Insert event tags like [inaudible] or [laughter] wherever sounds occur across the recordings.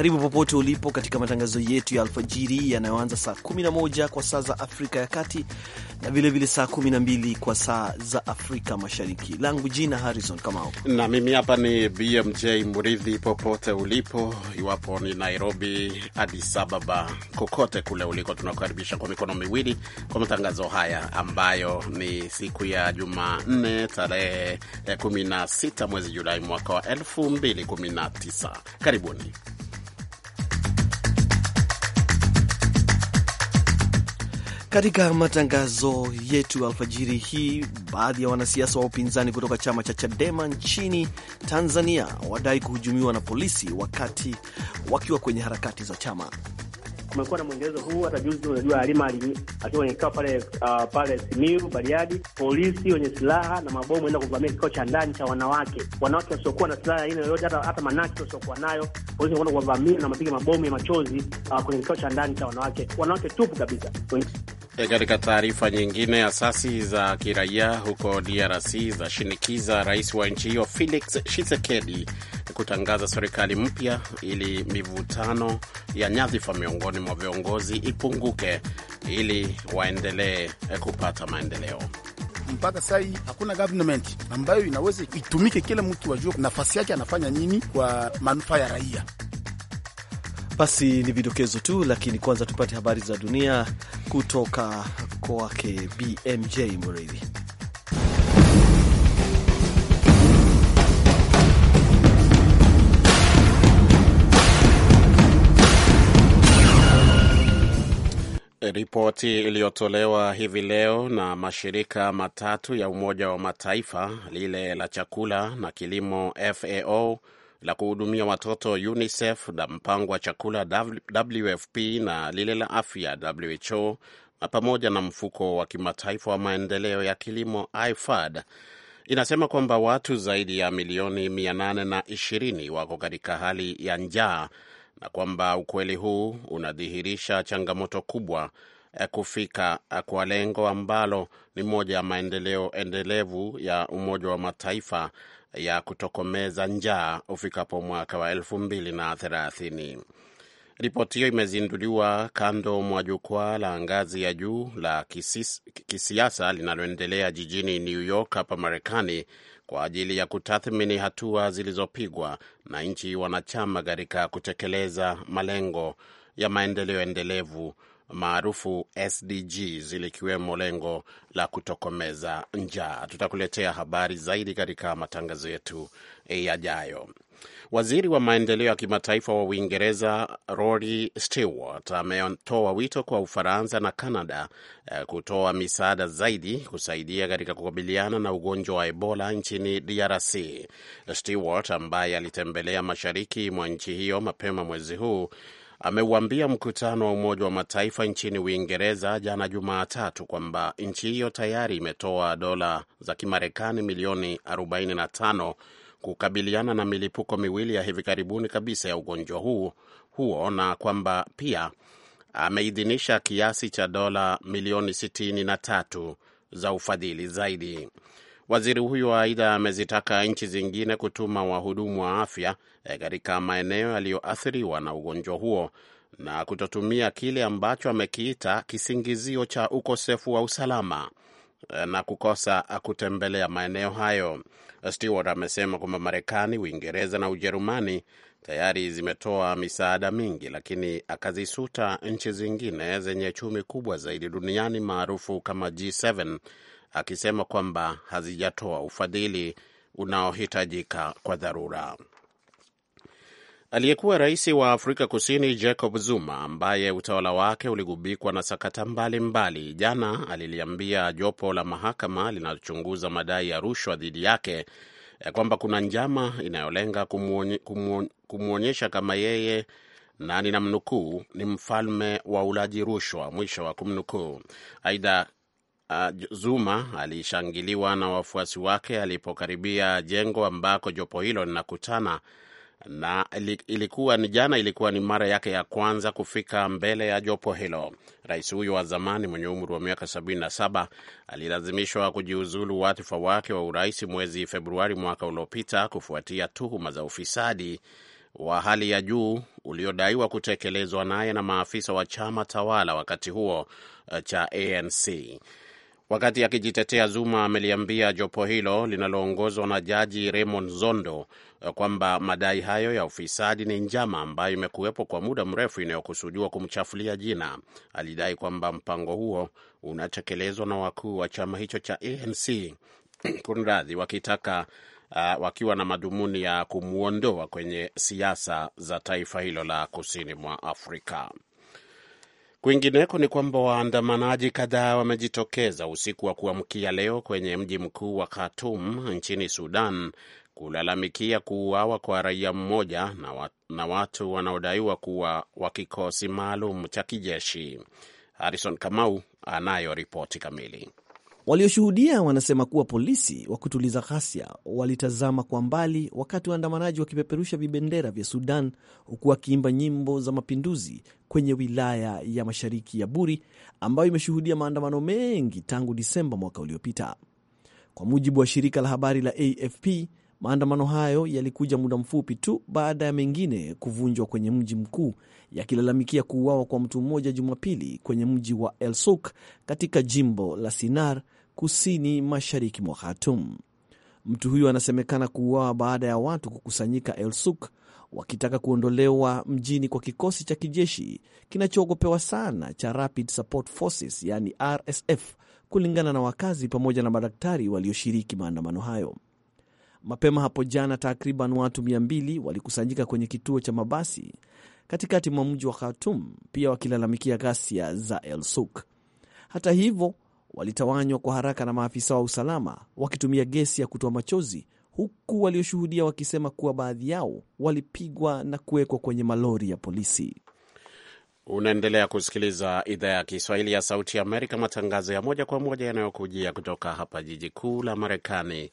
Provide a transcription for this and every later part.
Karibu popote ulipo katika matangazo yetu ya alfajiri yanayoanza saa 11 kwa saa za Afrika ya Kati na vilevile saa 12 kwa saa za Afrika Mashariki. Langu jina Harrison Kamau, na mimi hapa ni BMJ mridhi Popote ulipo, iwapo ni Nairobi, Addis Ababa, kokote kule uliko, tunakukaribisha kwa mikono miwili kwa matangazo haya ambayo ni siku ya Jumanne tarehe 16 mwezi Julai mwaka wa 2019. Karibuni. Katika matangazo yetu alfajiri hii, baadhi ya wanasiasa wa upinzani kutoka chama cha Chadema nchini Tanzania wadai kuhujumiwa na polisi wakati wakiwa kwenye harakati za chama. Kumekuwa na mwendelezo huu. Hata juzi unajua, Alima akiwa kwenye kikao pale uh, pale Simiu Bariadi, polisi wenye silaha na mabomu enda kuvamia kikao cha ndani cha wanawake, wanawake wasiokuwa na silaha aina yoyote, hata hata manaki wasiokuwa nayo, polisi wanaenda kuwavamia na mapiga mabomu ya machozi uh, kwenye kikao cha ndani cha wanawake, wanawake tupu kabisa. E, katika taarifa nyingine, asasi za kiraia huko DRC zashinikiza rais wa nchi hiyo Felix Tshisekedi kutangaza serikali mpya ili mivutano ya nyadhifa miongoni mwa viongozi ipunguke ili waendelee eh, kupata maendeleo. Mpaka sai hakuna government ambayo inaweza itumike, kila mtu wajua nafasi yake anafanya nini kwa manufaa ya raia. Basi ni vidokezo tu, lakini kwanza tupate habari za dunia kutoka kwake BMJ Mridhi. Ripoti iliyotolewa hivi leo na mashirika matatu ya Umoja wa Mataifa, lile la chakula na kilimo FAO la kuhudumia watoto UNICEF na mpango wa chakula WFP na lile la afya WHO na pamoja na mfuko wa kimataifa wa maendeleo ya kilimo IFAD inasema kwamba watu zaidi ya milioni 820 wako katika hali ya njaa na kwamba ukweli huu unadhihirisha changamoto kubwa eh, kufika eh, kwa lengo ambalo ni moja ya maendeleo endelevu ya Umoja wa Mataifa ya kutokomeza njaa ufikapo mwaka wa elfu mbili na thelathini. Ripoti hiyo imezinduliwa kando mwa jukwaa la ngazi ya juu la kisis, kisiasa linaloendelea jijini New York hapa Marekani kwa ajili ya kutathmini hatua zilizopigwa na nchi wanachama katika kutekeleza malengo ya maendeleo endelevu maarufu SDGs likiwemo lengo la kutokomeza njaa. Tutakuletea habari zaidi katika matangazo yetu yajayo. Waziri wa maendeleo ya kimataifa wa Uingereza Rory Stewart ametoa wito kwa Ufaransa na canada eh, kutoa misaada zaidi kusaidia katika kukabiliana na ugonjwa wa Ebola nchini DRC. Stewart ambaye alitembelea mashariki mwa nchi hiyo mapema mwezi huu ameuambia mkutano wa Umoja wa Mataifa nchini Uingereza jana Jumatatu kwamba nchi hiyo tayari imetoa dola za Kimarekani milioni 45 kukabiliana na milipuko miwili ya hivi karibuni kabisa ya ugonjwa huu huo na kwamba pia ameidhinisha kiasi cha dola milioni 63 za ufadhili zaidi. Waziri huyo aidha amezitaka nchi zingine kutuma wahudumu wa afya Eh, katika maeneo yaliyoathiriwa na ugonjwa huo na kutotumia kile ambacho amekiita kisingizio cha ukosefu wa usalama eh, na kukosa kutembelea maeneo hayo. Stewart amesema kwamba Marekani, Uingereza na Ujerumani tayari zimetoa misaada mingi, lakini akazisuta nchi zingine zenye chumi kubwa zaidi duniani maarufu kama G7, akisema kwamba hazijatoa ufadhili unaohitajika kwa dharura. Aliyekuwa rais wa Afrika Kusini Jacob Zuma, ambaye utawala wake uligubikwa na sakata mbalimbali mbali, jana aliliambia jopo la mahakama linalochunguza madai ya rushwa dhidi yake kwamba kuna njama inayolenga kumwonyesha kama yeye na ninamnukuu, ni mfalme wa ulaji rushwa, mwisho wa kumnukuu. Aidha, uh, Zuma alishangiliwa na wafuasi wake alipokaribia jengo ambako jopo hilo linakutana na ilikuwa ni jana, ilikuwa ni mara yake ya kwanza kufika mbele ya jopo hilo. Rais huyo wa zamani mwenye umri wa miaka 77 alilazimishwa kujiuzulu wadhifa wake wa urais mwezi Februari mwaka uliopita kufuatia tuhuma za ufisadi wa hali ya juu uliodaiwa kutekelezwa naye na maafisa wa chama tawala wakati huo eh, cha ANC. Wakati akijitetea, Zuma ameliambia jopo hilo linaloongozwa na Jaji Raymond Zondo kwamba madai hayo ya ufisadi ni njama ambayo imekuwepo kwa muda mrefu inayokusudiwa kumchafulia jina. Alidai kwamba mpango huo unatekelezwa na wakuu wa chama hicho cha ANC [clears throat] kunradhi, wakitaka uh, wakiwa na madhumuni ya kumwondoa kwenye siasa za taifa hilo la kusini mwa Afrika. Kwingineko ni kwamba waandamanaji kadhaa wamejitokeza usiku wa kuamkia leo kwenye mji mkuu wa Khartoum nchini Sudan kulalamikia kuuawa kwa raia mmoja na, wa, na watu wanaodaiwa kuwa wa kikosi maalum cha kijeshi. Harrison Kamau anayo ripoti kamili. Walioshuhudia wanasema kuwa polisi wa kutuliza ghasia walitazama kwa mbali wakati waandamanaji wakipeperusha vibendera vya Sudan huku wakiimba nyimbo za mapinduzi kwenye wilaya ya mashariki ya Buri ambayo imeshuhudia maandamano mengi tangu Disemba mwaka uliopita. Kwa mujibu wa shirika la habari la AFP, Maandamano hayo yalikuja muda mfupi tu baada ya mengine kuvunjwa kwenye mji mkuu yakilalamikia kuuawa kwa mtu mmoja Jumapili kwenye mji wa El Suk katika jimbo la Sinar kusini mashariki mwa Khartoum. Mtu huyo anasemekana kuuawa baada ya watu kukusanyika El Suk wakitaka kuondolewa mjini kwa kikosi cha kijeshi kinachoogopewa sana cha Rapid Support Forces, yani RSF, kulingana na wakazi pamoja na madaktari walioshiriki maandamano hayo. Mapema hapo jana, takriban watu 200 walikusanyika kwenye kituo cha mabasi katikati mwa mji wa Khartoum, pia wakilalamikia ghasia za El Suk. Hata hivyo, walitawanywa kwa haraka na maafisa wa usalama wakitumia gesi ya kutoa machozi, huku walioshuhudia wakisema kuwa baadhi yao walipigwa na kuwekwa kwenye malori ya polisi. Unaendelea kusikiliza idhaa ya Kiswahili ya Sauti ya Amerika, matangazo ya moja kwa moja yanayokujia kutoka hapa jiji kuu la Marekani,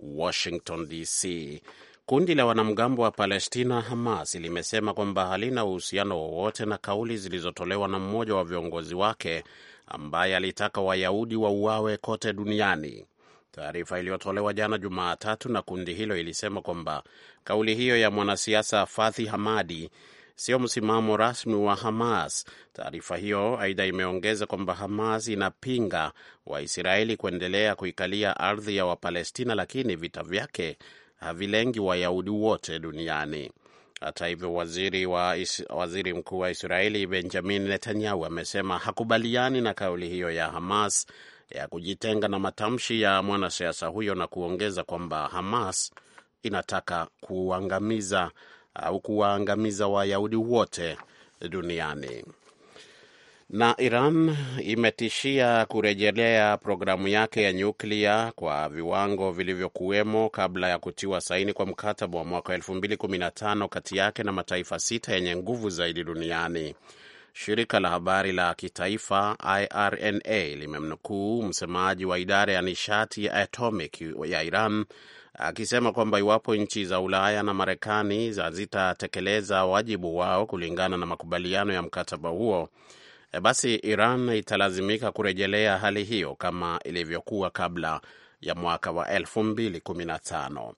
Washington DC. Kundi la wanamgambo wa Palestina Hamas limesema kwamba halina uhusiano wowote na kauli zilizotolewa na mmoja wa viongozi wake ambaye alitaka Wayahudi wauawe kote duniani. Taarifa iliyotolewa jana Jumatatu na kundi hilo ilisema kwamba kauli hiyo ya mwanasiasa Fathi Hamadi sio msimamo rasmi wa Hamas. Taarifa hiyo aidha imeongeza kwamba Hamas inapinga Waisraeli kuendelea kuikalia ardhi ya Wapalestina, lakini vita vyake havilengi Wayahudi wote duniani. Hata hivyo waziri, wa, waziri mkuu wa Israeli Benjamin Netanyahu amesema hakubaliani na kauli hiyo ya Hamas ya kujitenga na matamshi ya mwanasiasa huyo na kuongeza kwamba Hamas inataka kuuangamiza au kuwaangamiza Wayahudi wote duniani. Na Iran imetishia kurejelea programu yake ya nyuklia kwa viwango vilivyokuwemo kabla ya kutiwa saini kwa mkataba wa mwaka 2015 kati yake na mataifa sita yenye nguvu zaidi duniani. Shirika la habari la kitaifa IRNA limemnukuu msemaji wa idara ya nishati ya atomic ya Iran akisema kwamba iwapo nchi za Ulaya na Marekani hazitatekeleza wajibu wao kulingana na makubaliano ya mkataba huo, eh, basi Iran italazimika kurejelea hali hiyo kama ilivyokuwa kabla ya mwaka wa 2015.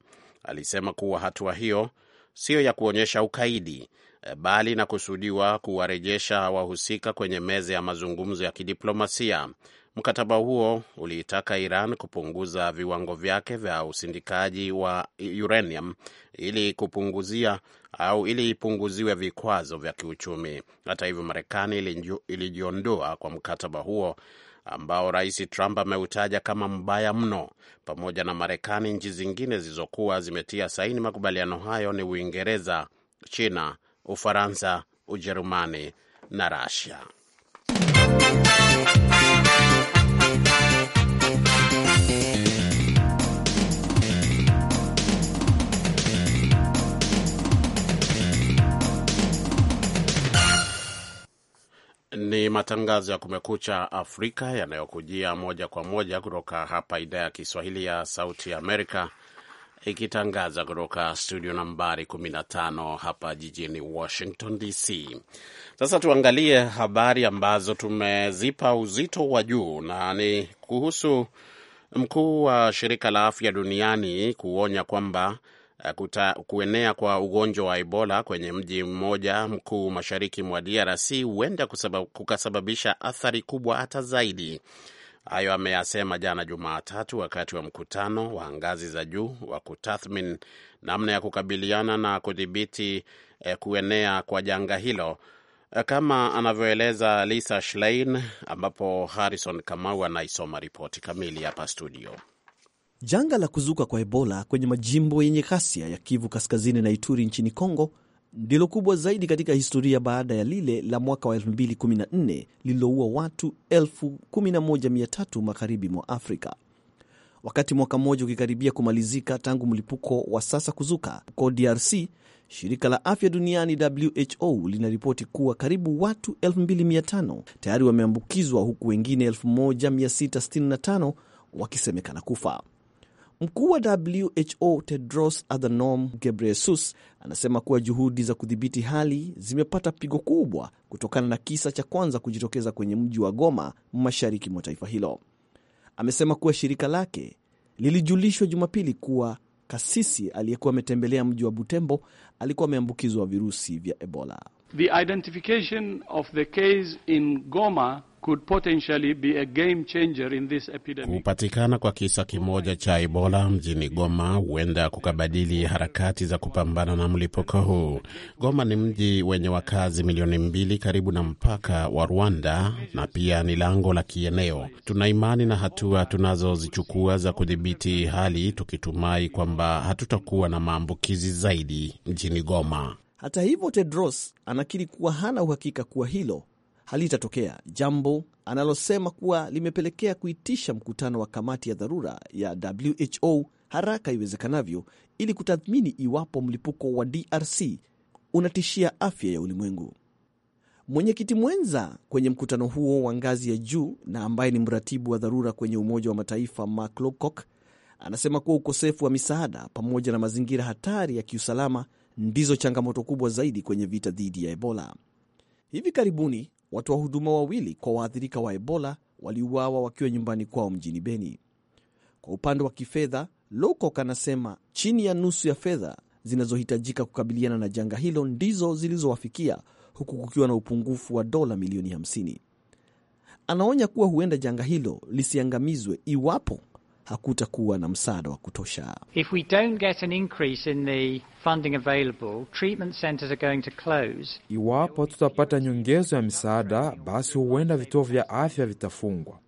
Alisema kuwa hatua hiyo siyo ya kuonyesha ukaidi eh, bali na kusudiwa kuwarejesha wahusika kwenye meza ya mazungumzo ya kidiplomasia. Mkataba huo uliitaka Iran kupunguza viwango vyake vya usindikaji wa uranium ili kupunguzia au ili ipunguziwe vikwazo vya kiuchumi. Hata hivyo, Marekani ilijiondoa kwa mkataba huo ambao Rais Trump ameutaja kama mbaya mno. Pamoja na Marekani, nchi zingine zilizokuwa zimetia saini makubaliano hayo ni Uingereza, China, Ufaransa, Ujerumani na rasia Ni matangazo ya Kumekucha Afrika yanayokujia moja kwa moja kutoka hapa idhaa ya Kiswahili ya Sauti ya Amerika, ikitangaza kutoka studio nambari 15 hapa jijini Washington DC. Sasa tuangalie habari ambazo tumezipa uzito wa juu, na ni kuhusu mkuu wa shirika la afya duniani kuonya kwamba Eh, kuta, kuenea kwa ugonjwa wa Ebola kwenye mji mmoja mkuu mashariki mwa DRC huenda kukasababisha athari kubwa hata zaidi. Hayo ameyasema jana Jumatatu wakati wa mkutano wa ngazi za juu wa kutathmini namna ya kukabiliana na kudhibiti eh, kuenea kwa janga hilo eh, kama anavyoeleza Lisa Schlein, ambapo Harrison Kamau anaisoma ripoti kamili hapa studio. Janga la kuzuka kwa Ebola kwenye majimbo yenye ghasia ya Kivu Kaskazini na Ituri nchini Kongo ndilo kubwa zaidi katika historia baada ya lile la mwaka wa 2014 lililoua watu 11,300 magharibi mwa Afrika. Wakati mwaka mmoja ukikaribia kumalizika tangu mlipuko wa sasa kuzuka huko DRC, shirika la afya duniani WHO linaripoti kuwa karibu watu 2500 tayari wameambukizwa huku wengine 1665 wakisemekana kufa. Mkuu wa WHO Tedros Adhanom Ghebreyesus anasema kuwa juhudi za kudhibiti hali zimepata pigo kubwa kutokana na kisa cha kwanza kujitokeza kwenye mji wa Goma mashariki mwa taifa hilo. Amesema kuwa shirika lake lilijulishwa Jumapili kuwa kasisi aliyekuwa ametembelea mji wa Butembo alikuwa ameambukizwa virusi vya Ebola. The identification of the case in Goma could potentially be a game changer in this epidemic. Kupatikana kwa kisa kimoja cha Ebola mjini Goma huenda kukabadili harakati za kupambana na mlipuko huu. Goma ni mji wenye wakazi milioni mbili karibu na mpaka wa Rwanda na pia ni lango la kieneo. Tuna imani na hatua tunazozichukua za kudhibiti hali tukitumai kwamba hatutakuwa na maambukizi zaidi mjini Goma. Hata hivyo, Tedros anakiri kuwa hana uhakika kuwa hilo halitatokea, jambo analosema kuwa limepelekea kuitisha mkutano wa kamati ya dharura ya WHO haraka iwezekanavyo ili kutathmini iwapo mlipuko wa DRC unatishia afya ya ulimwengu. Mwenyekiti mwenza kwenye mkutano huo wa ngazi ya juu na ambaye ni mratibu wa dharura kwenye Umoja wa Mataifa Mark Lowcock anasema kuwa ukosefu wa misaada pamoja na mazingira hatari ya kiusalama ndizo changamoto kubwa zaidi kwenye vita dhidi ya Ebola. Hivi karibuni Watoa huduma wawili kwa waathirika wa Ebola waliuawa wakiwa nyumbani kwao mjini Beni. Kwa upande wa kifedha, Lowcock anasema chini ya nusu ya fedha zinazohitajika kukabiliana na janga hilo ndizo zilizowafikia huku kukiwa na upungufu wa dola milioni 50. Anaonya kuwa huenda janga hilo lisiangamizwe iwapo hakutakuwa na msaada wa kutosha. If we don't get an increase in the funding available, treatment centers are going to close. Iwapo tutapata nyongezo ya misaada, basi huenda vituo vya afya vitafungwa.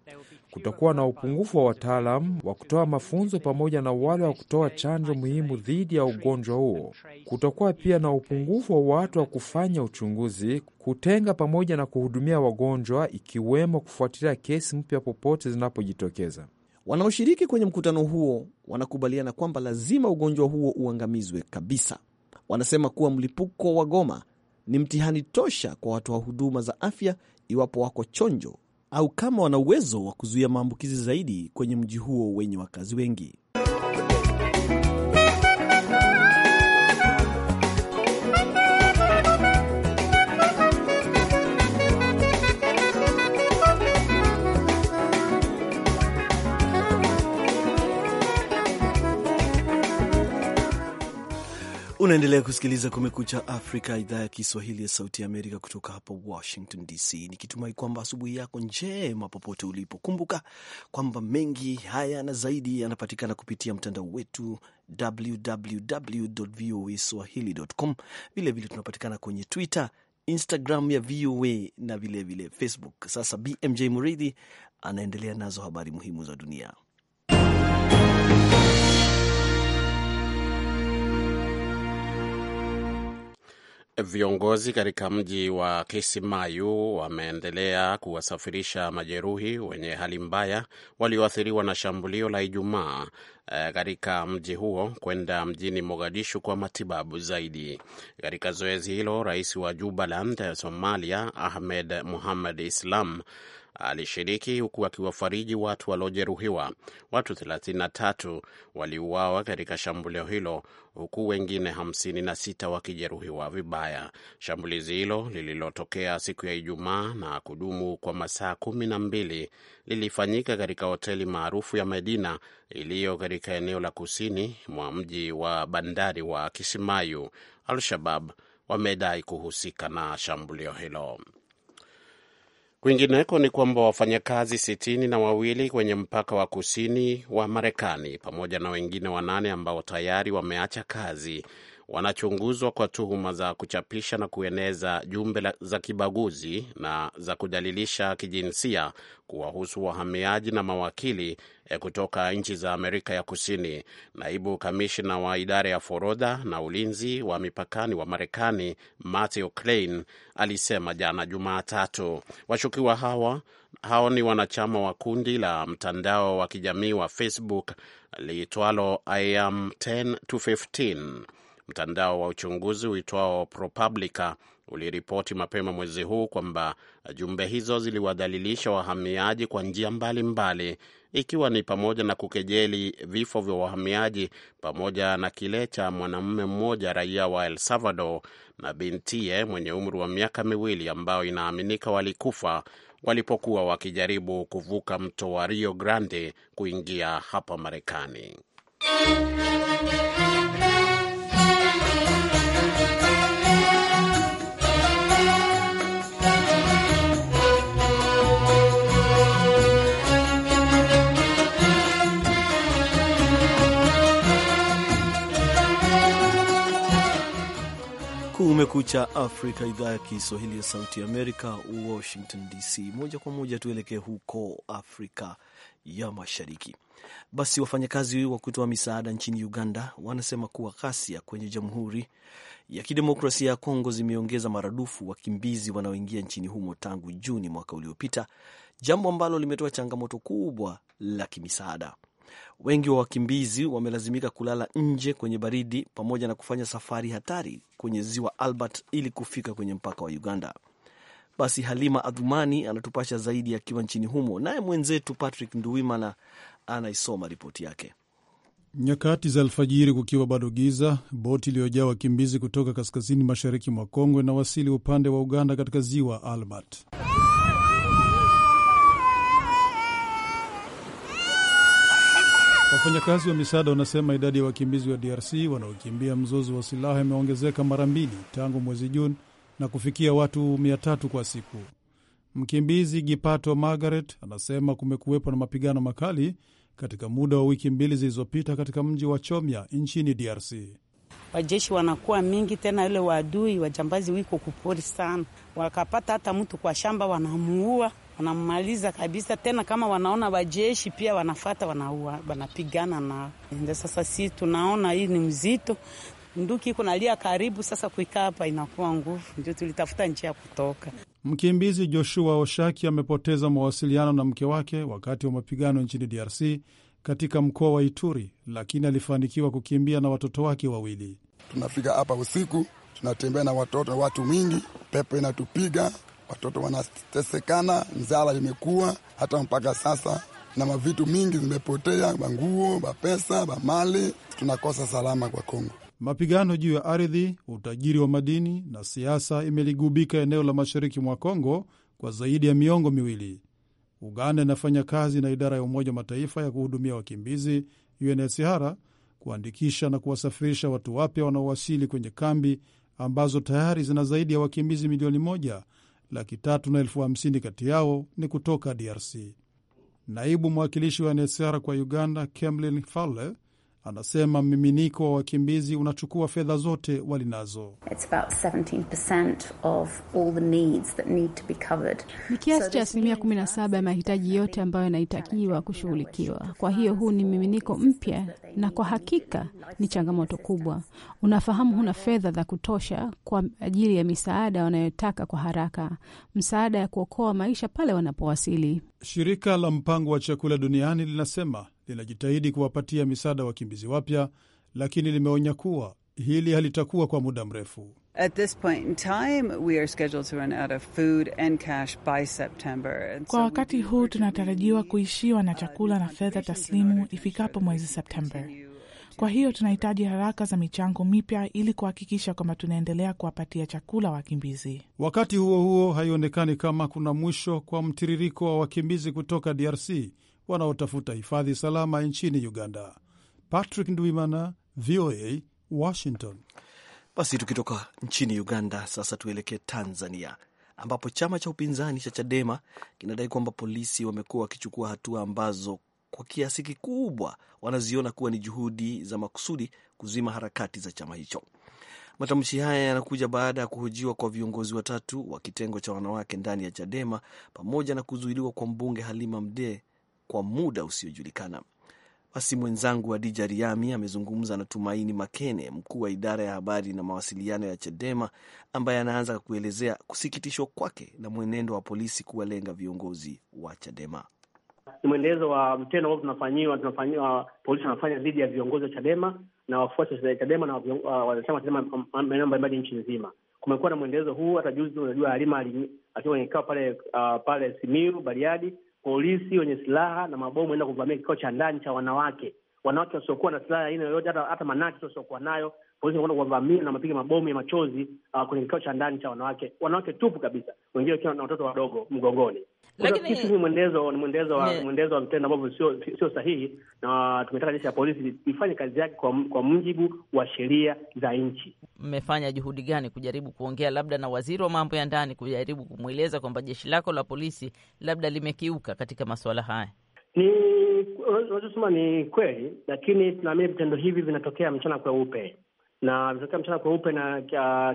Kutakuwa na upungufu wa wataalam wa kutoa mafunzo pamoja na wale wa kutoa chanjo muhimu dhidi ya ugonjwa huo. Kutakuwa pia na upungufu wa watu wa kufanya uchunguzi, kutenga pamoja na kuhudumia wagonjwa, ikiwemo kufuatilia kesi mpya popote zinapojitokeza. Wanaoshiriki kwenye mkutano huo wanakubaliana kwamba lazima ugonjwa huo uangamizwe kabisa. Wanasema kuwa mlipuko wa Goma ni mtihani tosha kwa watoa wa huduma za afya, iwapo wako chonjo au kama wana uwezo wa kuzuia maambukizi zaidi kwenye mji huo wenye wakazi wengi. Unaendelea kusikiliza Kumekucha Afrika, idhaa ya Kiswahili ya Sauti ya Amerika kutoka hapa Washington DC, nikitumai kwamba asubuhi yako njema popote ulipo. Kumbuka kwamba mengi haya na zaidi yanapatikana kupitia mtandao wetu www voa swahili.com. Vilevile tunapatikana kwenye Twitter, Instagram ya VOA na vilevile vile Facebook. Sasa BMJ Muridhi anaendelea nazo habari muhimu za dunia. Viongozi katika mji wa Kisimayu wameendelea kuwasafirisha majeruhi wenye hali mbaya walioathiriwa na shambulio la Ijumaa eh, katika mji huo kwenda mjini Mogadishu kwa matibabu zaidi. Katika zoezi hilo, rais wa Jubaland, eh, Somalia, Ahmed muhamed Islam alishiriki huku akiwafariji watu waliojeruhiwa. Watu 33 waliuawa katika shambulio hilo huku wengine 56 wakijeruhiwa vibaya. Shambulizi hilo lililotokea siku ya Ijumaa na kudumu kwa masaa kumi na mbili lilifanyika katika hoteli maarufu ya Medina iliyo katika eneo la kusini mwa mji wa bandari wa Kisimayu. Al-Shabab wamedai kuhusika na shambulio hilo. Kwingineko ni kwamba wafanyakazi sitini na wawili kwenye mpaka wa kusini wa Marekani pamoja na wengine wanane ambao tayari wameacha kazi wanachunguzwa kwa tuhuma za kuchapisha na kueneza jumbe za kibaguzi na za kudalilisha kijinsia kuwahusu wahamiaji na mawakili eh, kutoka nchi za Amerika ya Kusini. Naibu kamishna wa idara ya forodha na ulinzi wa mipakani wa Marekani Matthew Klein alisema jana Jumatatu washukiwa hawa hao ni wanachama wa kundi la mtandao wa kijamii wa Facebook liitwalo I am 10 to 15 Mtandao wa uchunguzi uitwao ProPublica uliripoti mapema mwezi huu kwamba jumbe hizo ziliwadhalilisha wahamiaji kwa njia mbalimbali, ikiwa ni pamoja na kukejeli vifo vya wahamiaji pamoja na kile cha mwanamume mmoja raia wa El Salvador na bintie mwenye umri wa miaka miwili ambao inaaminika walikufa walipokuwa wakijaribu kuvuka mto wa Rio Grande kuingia hapa Marekani. Kumekucha Afrika, idhaa ya Kiswahili ya Sauti ya Amerika, Washington DC. Moja kwa moja tuelekee huko Afrika ya Mashariki. Basi, wafanyakazi wa kutoa misaada nchini Uganda wanasema kuwa ghasia kwenye Jamhuri ya Kidemokrasia ya Kongo zimeongeza maradufu wakimbizi wanaoingia nchini humo tangu Juni mwaka uliopita, jambo ambalo limetoa changamoto kubwa la kimisaada. Wengi wa wakimbizi wamelazimika kulala nje kwenye baridi pamoja na kufanya safari hatari kwenye ziwa Albert ili kufika kwenye mpaka wa Uganda. Basi Halima Adhumani anatupasha zaidi akiwa nchini humo, naye mwenzetu Patrick Nduwimana anaisoma ripoti yake. Nyakati za alfajiri, kukiwa bado giza, boti iliyojaa wakimbizi kutoka kaskazini mashariki mwa Kongwe na wasili upande wa Uganda katika ziwa Albert. Wafanyakazi wa misaada wanasema idadi ya wakimbizi wa DRC wanaokimbia mzozo wa silaha imeongezeka mara mbili tangu mwezi Juni na kufikia watu 3 kwa siku. Mkimbizi Gipato Margaret anasema kumekuwepo na mapigano makali katika muda wa wiki mbili zilizopita katika mji wa Chomya nchini DRC. Wajeshi wanakuwa mingi tena, ile waadui wajambazi wiko kupori sana, wakapata hata mtu kwa shamba wanamuua wanammaliza kabisa. Tena kama wanaona wajeshi pia wanafata, wanaua, wanapigana na Ndio sasa si tunaona hii ni mzito, nduki iko nalia karibu. Sasa kuikaa hapa inakuwa nguvu, ndio tulitafuta njia ya kutoka. Mkimbizi Joshua Oshaki amepoteza mawasiliano na mke wake wakati wa mapigano nchini DRC katika mkoa wa Ituri, lakini alifanikiwa kukimbia na watoto wake wawili. Tunafika hapa usiku, tunatembea na watoto na watu mingi, pepo inatupiga watoto wanatesekana, nzara imekuwa hata mpaka sasa, na mavitu mingi zimepotea, manguo, bapesa, bamali, tunakosa salama kwa Kongo. Mapigano juu ya ardhi, utajiri wa madini na siasa imeligubika eneo la mashariki mwa Kongo kwa zaidi ya miongo miwili. Uganda inafanya kazi na idara ya Umoja wa Mataifa ya kuhudumia wakimbizi UNHCR kuandikisha na kuwasafirisha watu wapya wanaowasili kwenye kambi ambazo tayari zina zaidi ya wakimbizi milioni moja laki tatu na elfu hamsini kati yao ni kutoka DRC. Naibu mwakilishi wa NSR kwa Uganda, Kemlin Fale, Anasema mmiminiko wa wakimbizi unachukua fedha zote walinazo. Ni kiasi cha asilimia 17 ya mahitaji yote ambayo yanahitakiwa kushughulikiwa. Kwa hiyo huu ni mmiminiko mpya, na kwa hakika ni changamoto kubwa. Unafahamu huna fedha za kutosha kwa ajili ya misaada wanayotaka kwa haraka, msaada ya kuokoa maisha pale wanapowasili. Shirika la mpango wa chakula duniani linasema linajitahidi kuwapatia misaada wakimbizi wapya, lakini limeonya kuwa hili halitakuwa kwa muda mrefu. Kwa wakati huu tunatarajiwa kuishiwa na uh, chakula na fedha taslimu ifikapo mwezi Septemba. Kwa hiyo tunahitaji haraka za michango mipya ili kuhakikisha kwamba tunaendelea kuwapatia chakula wakimbizi. Wakati huo huo, haionekani kama kuna mwisho kwa mtiririko wa wakimbizi kutoka DRC wanaotafuta hifadhi salama nchini Uganda. Patrick Ndwimana, VOA, Washington. Basi tukitoka nchini Uganda sasa tuelekee Tanzania ambapo chama cha upinzani cha Chadema kinadai kwamba polisi wamekuwa wakichukua hatua ambazo kwa kiasi kikubwa wanaziona kuwa ni juhudi za makusudi kuzima harakati za chama hicho. Matamshi haya yanakuja baada ya kuhojiwa kwa viongozi watatu wa kitengo cha wanawake ndani ya Chadema pamoja na kuzuiliwa kwa mbunge Halima Mdee kwa muda usiojulikana. Basi mwenzangu Adija Riami amezungumza na Tumaini Makene, mkuu wa idara ya habari na mawasiliano ya CHADEMA, ambaye anaanza kuelezea kusikitishwa kwake na mwenendo wa polisi kuwalenga viongozi wa CHADEMA. Ni mwendelezo wa vitendo ambavyo tunafanyiwa tunafanyiwa polisi wanafanya dhidi ya viongozi wa CHADEMA na wafuasi wa CHADEMA na wanachama uh, wa CHADEMA maeneo mbalimbali nchi nzima. Kumekuwa na mwendelezo huu. Hata juzi, unajua, Halima akiwa kwenye kikao pale uh, pale Simiu Bariadi polisi wenye silaha na mabomu enda kuvamia kikao cha ndani cha wanawake, wanawake wasiokuwa na silaha aina yoyote, hata hata manaki wasiokuwa nayo, polisi wanaenda kuvamia na mapiga mabomu ya machozi uh, kwenye kikao cha ndani cha wanawake, wanawake tupu kabisa, wengine wakiwa na watoto wadogo mgongoni lakini ni mwendezo, ni mwendezo wa mwendezo wa vitendo ambavyo sio sio sahihi, na tumetaka jeshi la polisi ifanye kazi yake kwa, kwa mujibu wa sheria za nchi. Mmefanya juhudi gani kujaribu kuongea labda na waziri wa mambo ya ndani kujaribu kumweleza kwamba jeshi lako la polisi labda limekiuka katika masuala haya? Ni unachosema ni kweli, lakini tunaamini vitendo hivi vinatokea mchana kweupe na vinatokea mchana kweupe na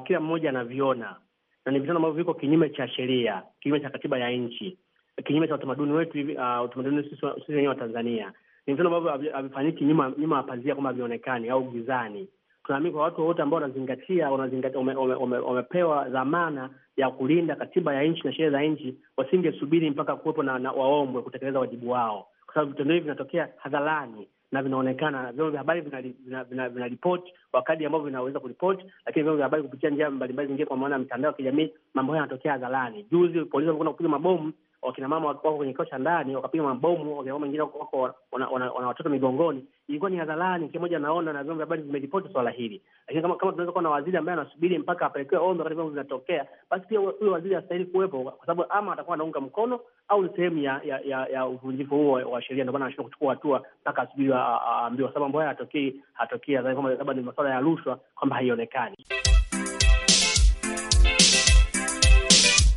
kila mmoja anaviona na ni vitendo ambavyo viko kinyume cha sheria, kinyume cha katiba ya nchi kinyume cha utamaduni wetu hivi, uh, utamaduni sisi wenyewe wa Tanzania. Ni mfano ambavyo havifanyiki nyuma nyuma ya pazia, kama havionekani au gizani. Tunaamini kwa watu wote ambao wanazingatia wanazingatia wamepewa dhamana ya kulinda katiba ya nchi na sheria za nchi, wasingesubiri mpaka kuwepo na, na waombwe kutekeleza wajibu wao, kwa sababu vitendo hivi vinatokea hadharani na vinaonekana. Vyombo vya habari vinaripoti wakati ambavyo vinaweza kuripoti, lakini vyombo vya habari kupitia njia mbalimbali zingine, kwa maana ya mitandao ya kijamii, mambo hayo yanatokea hadharani. Juzi polisi walikwenda kupiga mabomu wakina mama wako kwenye kikao cha ndani wakapiga mabomu, wakina mama wengine wako wana watoto migongoni. Ilikuwa ni hadharani, kile moja, naona na vyombo vya habari vimeripoti swala hili. Lakini kama kama tunaweza kuwa na waziri ambaye anasubiri mpaka apelekewe ombi wakati vyombo vinatokea, basi pia huyo waziri astahili kuwepo, kwa sababu ama atakuwa anaunga mkono au ni sehemu ya ya, ya, ya uvunjifu huo wa sheria. Ndio maana anashindwa kuchukua hatua mpaka asubiri aambiwa, kwa sababu mambo hatokii hatokei labda ni masuala ya rushwa kwamba haionekani.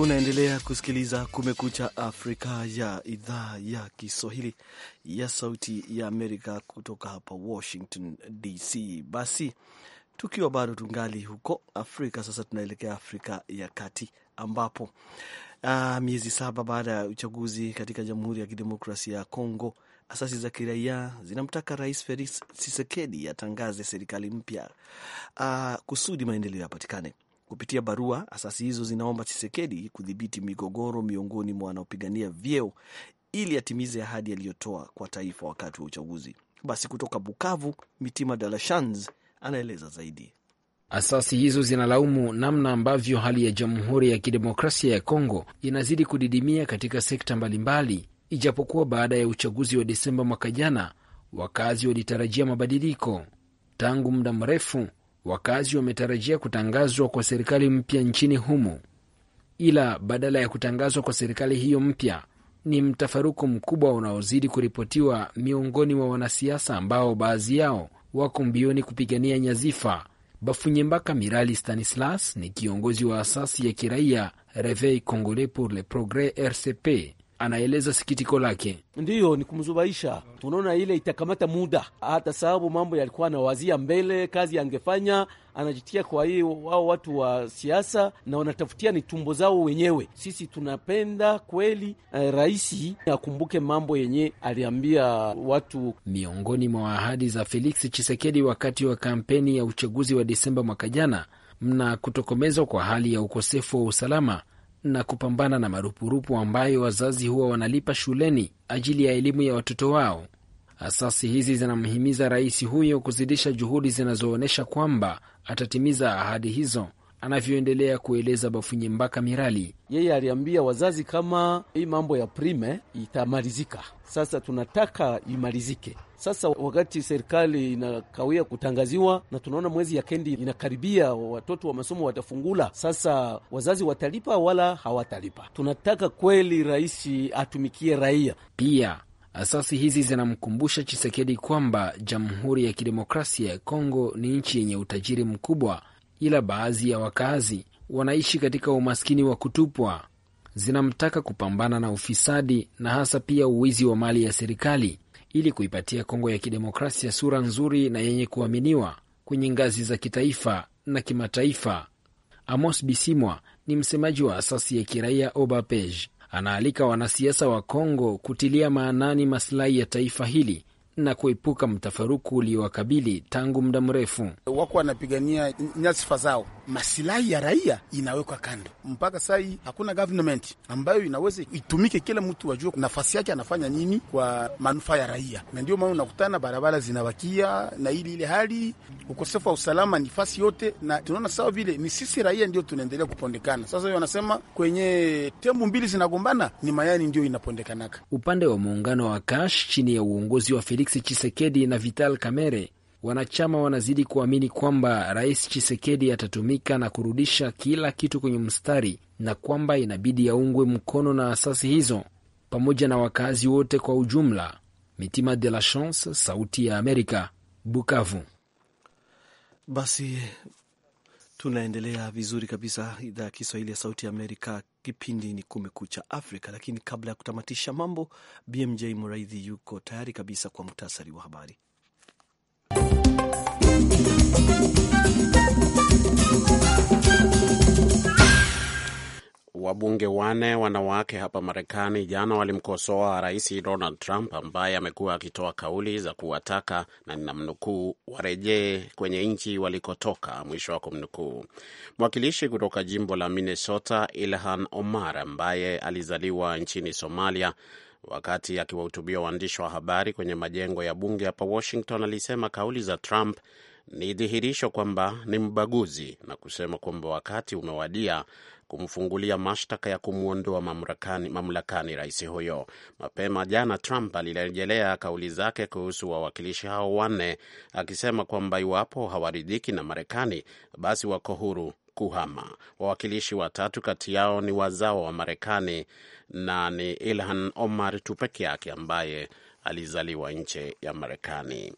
Unaendelea kusikiliza Kumekucha Afrika ya idhaa ya Kiswahili ya Sauti ya Amerika kutoka hapa Washington DC. Basi tukiwa bado tungali huko Afrika, sasa tunaelekea Afrika ya Kati ambapo uh, miezi saba baada ya uchaguzi katika Jamhuri ya Kidemokrasia ya Kongo, asasi za kiraia zinamtaka Rais Felix Tshisekedi atangaze serikali mpya ah, kusudi maendeleo yapatikane. Kupitia barua, asasi hizo zinaomba Chisekedi kudhibiti migogoro miongoni mwa wanaopigania vyeo ili atimize ahadi aliyotoa kwa taifa wakati wa uchaguzi. Basi kutoka Bukavu, Mitima De La anaeleza zaidi. Asasi hizo zinalaumu namna ambavyo hali ya Jamhuri ya Kidemokrasia ya Kongo inazidi kudidimia katika sekta mbalimbali, ijapokuwa baada ya uchaguzi wa Desemba mwaka jana wakazi walitarajia mabadiliko. Tangu muda mrefu Wakazi wametarajia kutangazwa kwa serikali mpya nchini humo, ila badala ya kutangazwa kwa serikali hiyo mpya ni mtafaruku mkubwa unaozidi kuripotiwa miongoni mwa wanasiasa ambao baadhi yao wako mbioni kupigania nyazifa. Bafunyembaka Mirali Stanislas ni kiongozi wa asasi ya kiraia Reveil Congolais pour le Progres RCP anaeleza sikitiko lake. Ndiyo, ni kumzubaisha. Tunaona ile itakamata muda, hata sababu mambo yalikuwa anawazia mbele, kazi angefanya anajitikia kwa hii wao watu wa siasa na wanatafutia ni tumbo zao wenyewe. Sisi tunapenda kweli eh, raisi akumbuke mambo yenye aliambia watu. Miongoni mwa ahadi za Felix Chisekedi wakati wa kampeni ya uchaguzi wa Desemba mwaka jana mna kutokomezwa kwa hali ya ukosefu wa usalama na kupambana na marupurupu ambayo wazazi huwa wanalipa shuleni ajili ya elimu ya watoto wao. Asasi hizi zinamhimiza rais huyo kuzidisha juhudi zinazoonyesha kwamba atatimiza ahadi hizo anavyoendelea kueleza Bafunye Mbaka Mirali. Yeye aliambia wazazi kama hii mambo ya prime itamalizika, sasa tunataka imalizike. Sasa wakati serikali inakawia kutangaziwa na tunaona mwezi ya kendi inakaribia, watoto wa masomo watafungula. Sasa wazazi watalipa wala hawatalipa? Tunataka kweli rais atumikie raia. Pia asasi hizi zinamkumbusha Chisekedi kwamba Jamhuri ya Kidemokrasia ya Kongo ni nchi yenye utajiri mkubwa ila baadhi ya wakazi wanaishi katika umaskini wa kutupwa. Zinamtaka kupambana na ufisadi na hasa pia uwizi wa mali ya serikali ili kuipatia Kongo ya Kidemokrasia sura nzuri na yenye kuaminiwa kwenye ngazi za kitaifa na kimataifa. Amos Bisimwa ni msemaji wa asasi ya kiraia Obapej, anaalika wanasiasa wa Kongo kutilia maanani masilahi ya taifa hili na kuepuka mtafaruku uliowakabili tangu muda mrefu. Wako wanapigania nyasifa zao masilahi ya raia inawekwa kando. Mpaka saa hii hakuna government ambayo inaweza itumike, kila mtu wajue nafasi yake anafanya nini kwa manufaa ya raia, na ndio maana unakutana barabara zinabakia na ili ile hali ukosefu wa usalama ni fasi yote, na tunaona sawa vile ni sisi raia ndio tunaendelea kupondekana. Sasa wanasema kwenye tembu mbili zinagombana ni mayani ndio inapondekanaka. Upande wa muungano wa Kash chini ya uongozi wa Felix Chisekedi na Vital Kamere wanachama wanazidi kuamini kwamba Rais Chisekedi atatumika na kurudisha kila kitu kwenye mstari na kwamba inabidi yaungwe mkono na asasi hizo pamoja na wakazi wote kwa ujumla. Mitima de la Chance, Sauti ya Amerika, Bukavu. Basi tunaendelea vizuri kabisa, idhaa ya Kiswahili ya Sauti ya Amerika. Kipindi ni Kumekucha Afrika, lakini kabla ya kutamatisha mambo, BMJ Muraidhi yuko tayari kabisa kwa muhtasari wa habari. Wabunge wane wanawake hapa Marekani jana walimkosoa Rais Donald Trump ambaye amekuwa akitoa kauli za kuwataka na ninamnukuu, warejee kwenye nchi walikotoka, mwisho wa kumnukuu. Mwakilishi kutoka jimbo la Minnesota Ilhan Omar ambaye alizaliwa nchini Somalia wakati akiwahutubia waandishi wa habari kwenye majengo ya bunge hapa Washington alisema kauli za Trump ni dhihirisho kwamba ni mbaguzi na kusema kwamba wakati umewadia kumfungulia mashtaka ya kumwondoa mamlakani, mamlakani rais huyo. Mapema jana Trump alirejelea kauli zake kuhusu wawakilishi hao wanne akisema kwamba iwapo hawaridhiki na Marekani basi wako huru kuhama. Wawakilishi watatu kati yao ni wazawa wa Marekani na ni Ilhan Omar tu peke yake ambaye alizaliwa nje ya Marekani.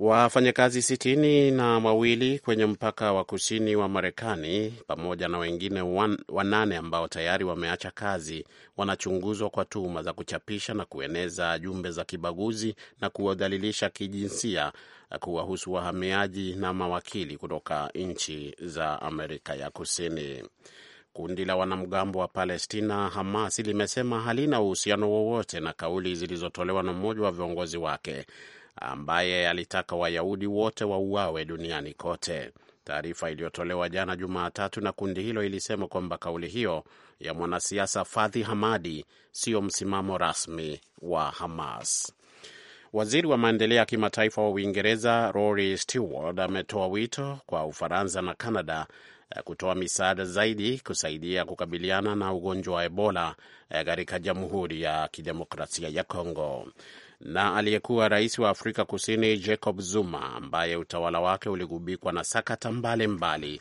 Wafanyakazi sitini na wawili kwenye mpaka wa kusini wa Marekani pamoja na wengine wan, wanane ambao tayari wameacha kazi wanachunguzwa kwa tuhuma za kuchapisha na kueneza jumbe za kibaguzi na kuwadhalilisha kijinsia kuwahusu wahamiaji na mawakili kutoka nchi za Amerika ya Kusini. Kundi la wanamgambo wa Palestina Hamas limesema halina uhusiano wowote na kauli zilizotolewa na mmoja wa viongozi wake ambaye alitaka Wayahudi wote wauawe duniani kote. Taarifa iliyotolewa jana Jumatatu na kundi hilo ilisema kwamba kauli hiyo ya mwanasiasa Fadhi Hamadi siyo msimamo rasmi wa Hamas. Waziri wa maendeleo ya kimataifa wa Uingereza Rory Stewart ametoa wito kwa Ufaransa na canada eh, kutoa misaada zaidi kusaidia kukabiliana na ugonjwa wa Ebola eh, katika Jamhuri ya Kidemokrasia ya Kongo na aliyekuwa rais wa Afrika Kusini Jacob Zuma ambaye utawala wake uligubikwa na sakata mbalimbali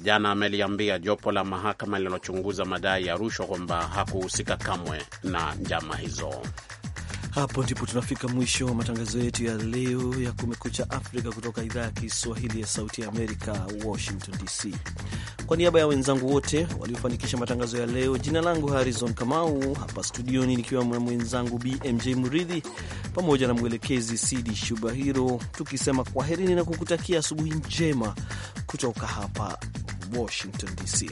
jana ameliambia jopo la mahakama linalochunguza madai ya rushwa kwamba hakuhusika kamwe na njama hizo. Hapo ndipo tunafika mwisho wa matangazo yetu ya leo ya Kumekucha Afrika kutoka idhaa ya Kiswahili ya Sauti ya Amerika, Washington DC. Kwa niaba ya wenzangu wote waliofanikisha matangazo ya leo, jina langu Harrison Kamau, hapa studioni nikiwa na mwenzangu BMJ Muridhi pamoja na mwelekezi Sidi Shubahiro, tukisema kwaherini na kukutakia asubuhi njema kutoka hapa Washington DC.